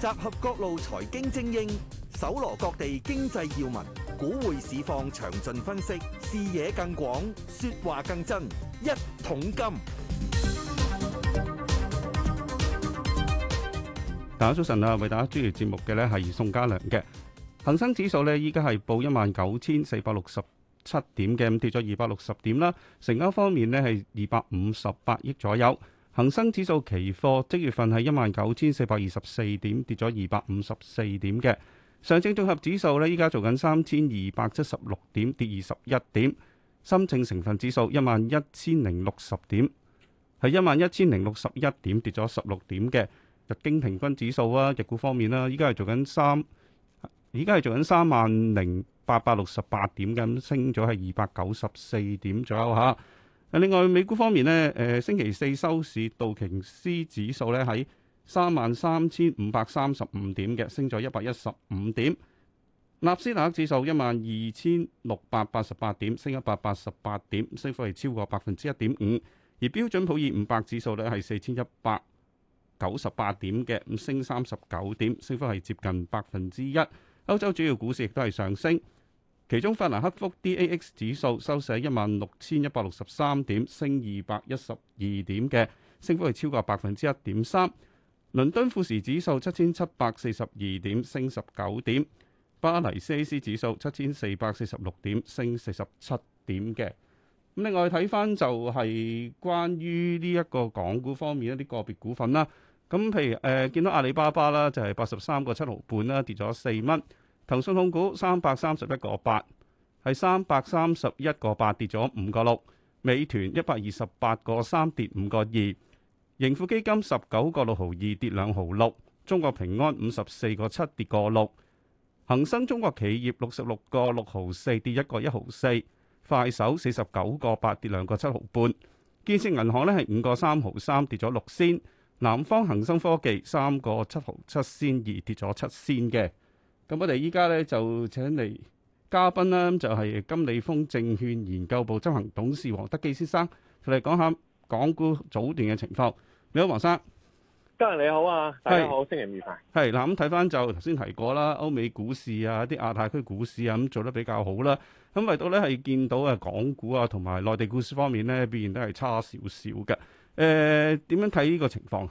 集合各路財經精英，搜羅各地經濟要聞，股匯市況詳盡分析，視野更廣，說話更真，一桶金。大家早晨啊，為大家主持節目嘅呢係宋家良嘅。恒生指數呢依家係報一萬九千四百六十七點嘅，咁跌咗二百六十點啦。成交方面呢係二百五十八億左右。恒生指數期貨即月份係一萬九千四百二十四點，跌咗二百五十四點嘅。上證綜合指數呢，依家做緊三千二百七十六點，跌二十一點。深證成分指數一萬一千零六十點，係一萬一千零六十一點，跌咗十六點嘅。日經平均指數啊，日股方面啦、啊，依家係做緊三，依家係做緊三萬零八百六十八點嘅，咁升咗係二百九十四點左右吓。另外，美股方面咧，誒星期四收市，道瓊斯指數咧喺三萬三千五百三十五點嘅，升咗一百一十五點；納斯達克指數一萬二千六百八十八點，升一百八十八點，升幅係超過百分之一點五；而標準普爾五百指數咧係四千一百九十八點嘅，咁升三十九點，升幅係接近百分之一。歐洲主要股市亦都係上升。其中，法蘭克福 DAX 指數收市喺一萬六千一百六十三點，升二百一十二點嘅，升幅係超過百分之一點三。倫敦富時指數七千七百四十二點，升十九點。巴黎 CAC 指數七千四百四十六點，升四十七點嘅。咁另外睇翻就係關於呢一個港股方面一啲個別股份啦。咁譬如誒、呃，見到阿里巴巴啦，就係八十三個七毫半啦，跌咗四蚊。騰訊控股三百三十一個八，係三百三十一個八跌咗五個六。美團一百二十八個三跌五個二。盈富基金十九個六毫二跌兩毫六。中國平安五十四個七跌個六。恒生中國企業六十六個六毫四跌一個一毫四。快手四十九個八跌兩個七毫半。建設銀行呢係五個三毫三跌咗六仙。南方恒生科技三個七毫七仙二跌咗七仙嘅。咁我哋依家咧就請嚟嘉賓啦，就係、是、金利豐證券研究部執行董事黃德幾先生，同你講下港股早段嘅情況。你好，黃生。今日你好啊，大家好，星期五愉快。係嗱，咁睇翻就頭先提過啦，歐美股市啊，啲亞太區股市啊，咁做得比較好啦。咁唯到咧係見到啊，港股啊，同埋內地股市方面咧，表現都係差少少嘅。誒、呃，點樣睇呢個情況？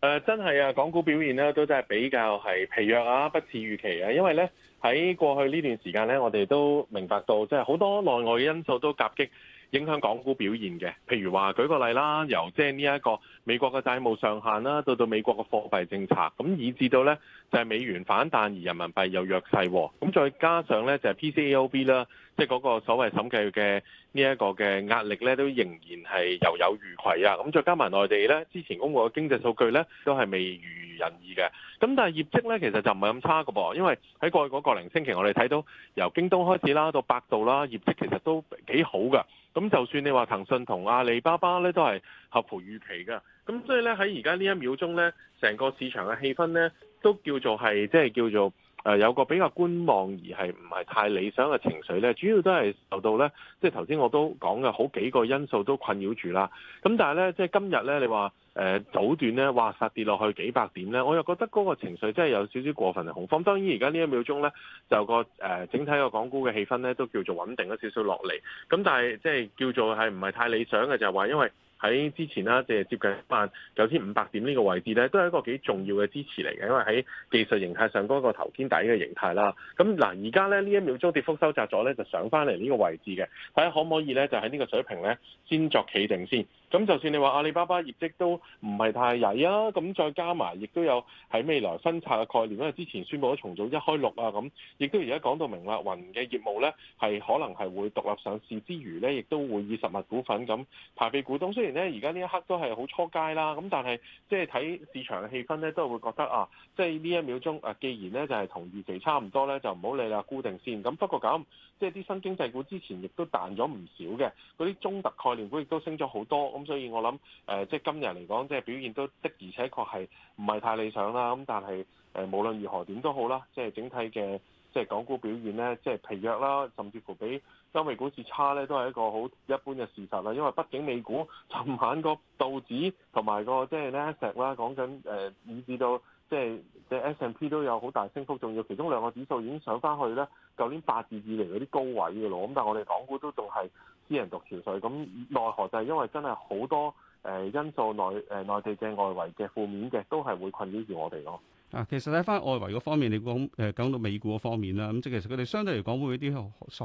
誒、呃、真係啊，港股表現都真係比較係疲弱啊，不似預期啊，因為呢，喺過去呢段時間呢，我哋都明白到即係好多內外嘅因素都夾擊。影響港股表現嘅，譬如話舉個例啦，由即係呢一個美國嘅債務上限啦，到到美國嘅貨幣政策，咁以至到呢就係美元反彈而人民幣又弱勢，咁再加上呢就係 PCAOB 啦，即係嗰個所謂審計嘅呢一個嘅壓力呢，都仍然係猶有餘悸啊！咁再加埋內地呢，之前公布嘅經濟數據呢，都係未如人意嘅，咁但係業績呢，其實就唔係咁差噶噃，因為喺過去嗰個零星期，我哋睇到由京東開始啦，到百度啦，業績其實都幾好噶。咁就算你話騰訊同阿里巴巴咧，都係合乎預期嘅。咁所以咧，喺而家呢一秒鐘咧，成個市場嘅氣氛咧，都叫做係即係叫做。誒有個比較觀望而係唔係太理想嘅情緒呢，主要都係受到呢，即係頭先我都講嘅好幾個因素都困擾住啦。咁但係呢，即係今日呢，你話誒早段呢，哇殺跌落去幾百點呢，我又覺得嗰個情緒真係有少少過分嘅恐慌。當然而家呢一秒鐘呢，就個誒整體個港股嘅氣氛呢，都叫做穩定咗少少落嚟。咁但係即係叫做係唔係太理想嘅，就係話因為。喺之前啦，即係接近一萬九千五百點呢個位置咧，都係一個幾重要嘅支持嚟嘅，因為喺技術形態上嗰個頭肩底嘅形態啦。咁嗱，而家咧呢一秒鐘跌幅收窄咗咧，就上返嚟呢個位置嘅，睇下可唔可以咧就喺呢個水平咧先作企定先。咁就算你話阿里巴巴業績都唔係太曳啊，咁再加埋亦都有喺未來分拆嘅概念，因為之前宣布咗重組一開六啊，咁亦都而家講到明啦，雲嘅業務呢係可能係會獨立上市之餘呢，亦都會以實物股份咁排畀股東。雖然呢而家呢一刻都係好初階啦，咁但係即係睇市場嘅氣氛呢，都會覺得啊，即係呢一秒鐘啊，既然呢就係同預期差唔多呢，就唔好理啦固定線。咁不過咁即係啲新經濟股之前亦都彈咗唔少嘅，嗰啲中特概念股亦都升咗好多。咁所以我諗，誒、呃，即係今日嚟講，即係表現都的而且確係唔係太理想啦。咁但係，誒、呃，無論如何點都好啦，即係整體嘅即係港股表現咧，即係疲弱啦，甚至乎比歐美股市差咧，都係一個好一般嘅事實啦。因為畢竟美股尋晚個道指同埋、那個即係納斯達克啦，講緊誒，以至到。即、就、係、是，即係 S&P 都有好大升幅，仲要其中兩個指數已經上翻去咧，舊年八月以嚟嗰啲高位嘅咯。咁但係我哋港股都仲係斯人獨憔悴，咁奈何就係因為真係好多誒因素內誒內地嘅外圍嘅負面嘅都係會困擾住我哋咯。啊，其實咧，翻外圍嘅方面，你講誒講到美股嗰方面啦，咁即係其實佢哋相對嚟講會有啲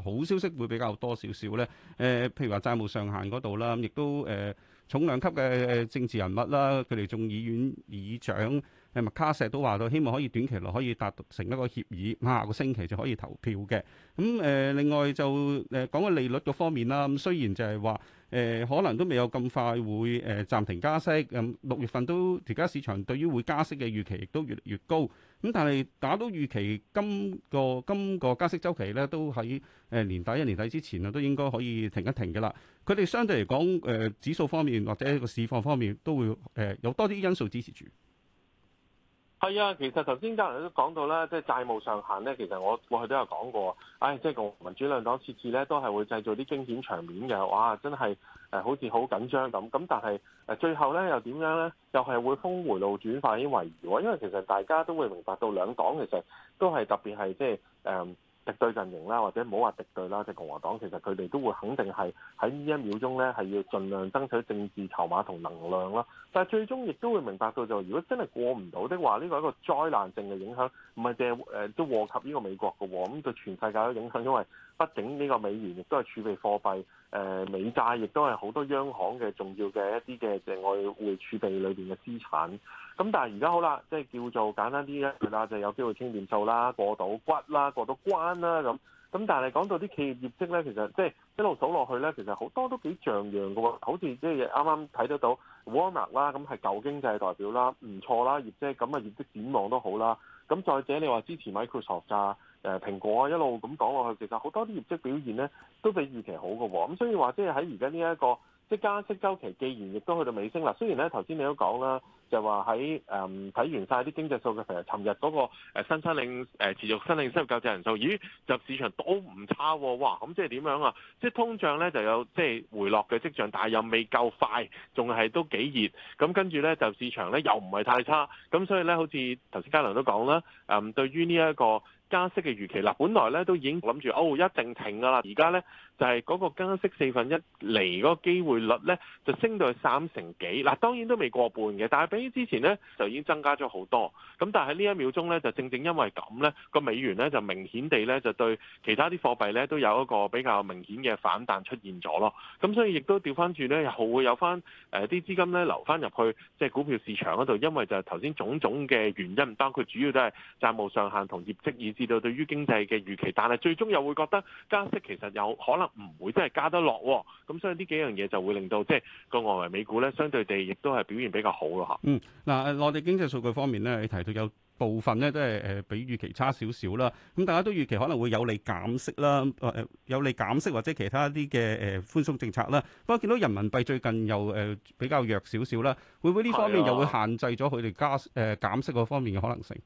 好消息會比較多少少咧。誒，譬如話債務上限嗰度啦，亦都誒重量級嘅政治人物啦，佢哋眾議院議長。麥卡錫都話到，希望可以短期內可以達成一個協議，下個星期就可以投票嘅。咁、嗯呃、另外就誒、呃、講個利率嘅方面啦。咁、嗯、雖然就係話、呃、可能都未有咁快會誒、呃、暫停加息。咁、嗯、六月份都而家市場對於會加息嘅預期亦都越嚟越高。咁、嗯、但係打到預期，今個今個加息週期咧都喺年底一年底之前都應該可以停一停嘅啦。佢哋相對嚟講、呃、指數方面或者個市況方面都會、呃、有多啲因素支持住。係啊，其實頭先嘉麟都講到啦，即、就是、債務上限咧。其實我過去都有講過，唉、哎，即、就、共、是、民主兩黨設置咧，都係會製造啲驚險場面嘅。哇，真係好似好緊張咁。咁但係最後咧又點樣咧？又係會峰回路轉化險為夷喎。因為其實大家都會明白到兩黨其實都係特別係即、就是嗯敵對陣營啦，或者唔好話敵對啦，即共和黨，其實佢哋都會肯定係喺呢一秒鐘咧，係要盡量爭取政治籌碼同能量啦。但係最終亦都會明白到、就是，就如果真係過唔到的話，呢個一個災難性嘅影響，唔係淨係誒都禍及呢個美國嘅，咁對全世界都影響，因為畢竟呢個美元亦都係儲備貨幣。誒美債亦都係好多央行嘅重要嘅一啲嘅境外匯儲備裏面嘅資產，咁但係而家好啦，即係叫做簡單啲一句啦，就有機會清點數啦，過到骨啦，過到關啦咁。咁但係講到啲企業業績咧，其實即係一路數落去咧，其實好多都幾像樣㗎喎，好似即係啱啱睇得到 Warner 啦，咁係舊經濟代表啦，唔錯啦業績，咁啊業績展望都好啦。咁再者你話支持 Microsoft 誒蘋果啊，一路咁講落去，其實好多啲業績表現咧都比預期好嘅喎。咁所以話即係喺而家呢一個即加息周期，既然亦都去到尾聲啦。雖然咧頭先你都講啦，就話喺誒睇完晒啲經濟數據，其實尋日嗰個新申領持續申領失業救濟人數，咦就市場都唔差喎。哇！咁即係點樣啊？即係通脹咧就有即係回落嘅跡象，但又未夠快，仲係都幾熱。咁跟住咧就市場咧又唔係太差。咁所以咧好似頭先嘉良都講啦，誒對於呢一個。加息嘅預期嗱，本來咧都已經諗住哦一定停噶啦，而家咧就係嗰個加息四分一厘嗰個機會率咧，就升到去三成幾嗱，當然都未過半嘅，但係比起之前咧就已經增加咗好多。咁但係呢一秒鐘咧，就正正因為咁咧，個美元咧就明顯地咧就對其他啲貨幣咧都有一個比較明顯嘅反彈出現咗咯。咁所以亦都調翻轉咧，會有翻誒啲資金咧流翻入去即係股票市場嗰度，因為就係頭先種種嘅原因，包括主要都係債務上限同業績以。到對於經濟嘅預期，但係最終又會覺得加息其實有可能唔會真係加得落，咁所以呢幾樣嘢就會令到即係個外圍美股咧，相對地亦都係表現比較好咯嚇。嗯，嗱，內地經濟數據方面咧，你提到有部分咧都係誒比預期差少少啦。咁、嗯、大家都預期可能會有利減息啦，誒、呃、有利減息或者其他一啲嘅誒寬鬆政策啦。不過見到人民幣最近又誒、呃、比較弱少少啦，會唔會呢方面、啊、又會限制咗佢哋加誒減、呃、息嗰方面嘅可能性？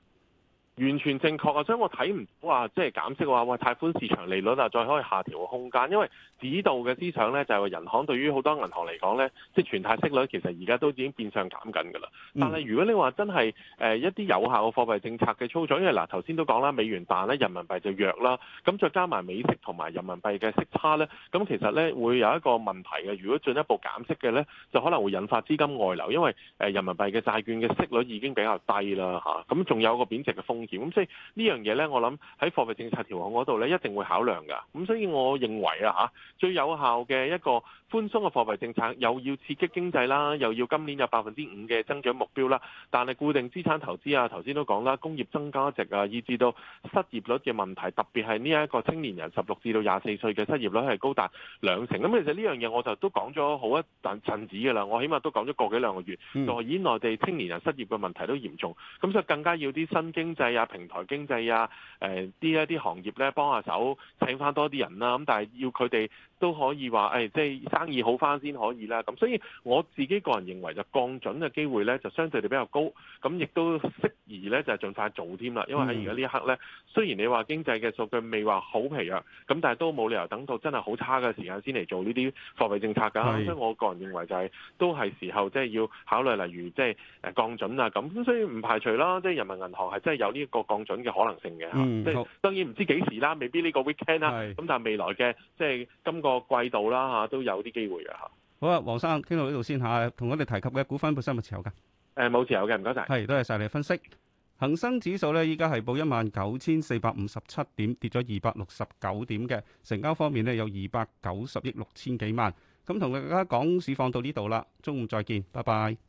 完全正確啊！所以我睇唔到話即係減息嘅話，哇！貸款市場利率啊，再可以下調嘅空間，因為指導嘅思想咧就係、是、人行對於好多銀行嚟講咧，即係存貸息率其實而家都已經變相減緊㗎啦。但係如果你話真係誒一啲有效嘅貨幣政策嘅操作，因為嗱頭先都講啦，美元彈咧，人民幣就弱啦，咁再加埋美息同埋人民幣嘅息差咧，咁其實咧會有一個問題嘅。如果進一步減息嘅咧，就可能會引發資金外流，因為誒人民幣嘅債券嘅息率已經比較低啦嚇，咁仲有一個貶值嘅風。咁所以呢樣嘢呢，我諗喺貨幣政策調控嗰度呢，一定會考量噶。咁所以我認為啊，嚇最有效嘅一個寬鬆嘅貨幣政策，又要刺激經濟啦，又要今年有百分之五嘅增長目標啦。但係固定資產投資啊，頭先都講啦，工業增加值啊，以至到失業率嘅問題，特別係呢一個青年人十六至到廿四歲嘅失業率係高達兩成。咁其實呢樣嘢我就都講咗好一陣陣子㗎啦，我起碼都講咗個幾兩個月。內以內地青年人失業嘅問題都嚴重，咁所以更加要啲新經濟。啊！平台經濟啊，誒啲一啲行業咧，幫下手請翻多啲人啦。啊。咁但係要佢哋。都可以話，誒、哎，即、就、係、是、生意好翻先可以啦。咁所以我自己個人認為就降準嘅機會咧，就相對地比較高。咁亦都適宜咧，就係、是、盡快做添啦。因為喺而家呢一刻咧，雖然你話經濟嘅數據未話好疲弱，咁但係都冇理由等到真係好差嘅時間先嚟做呢啲貨幣政策㗎。所以我個人認為就係、是、都係時候即係要考慮，例如即係誒降準啊。咁所以唔排除啦，即、就、係、是、人民銀行係真係有呢個降準嘅可能性嘅嚇。即係當然唔知幾時啦，未必呢個 weekend 啦。咁但係未來嘅即係今這個季度啦吓，都有啲機會嘅吓。好啊，黃生，傾到呢度先吓。同我哋提及嘅股份，本身有冇持有嘅？誒、呃，冇持有嘅，唔該晒。係，多謝晒你嘅分析。恒生指數呢，依家係報一萬九千四百五十七點，跌咗二百六十九點嘅。成交方面呢，有二百九十億六千幾萬。咁同大家講市況到呢度啦，中午再見，拜拜。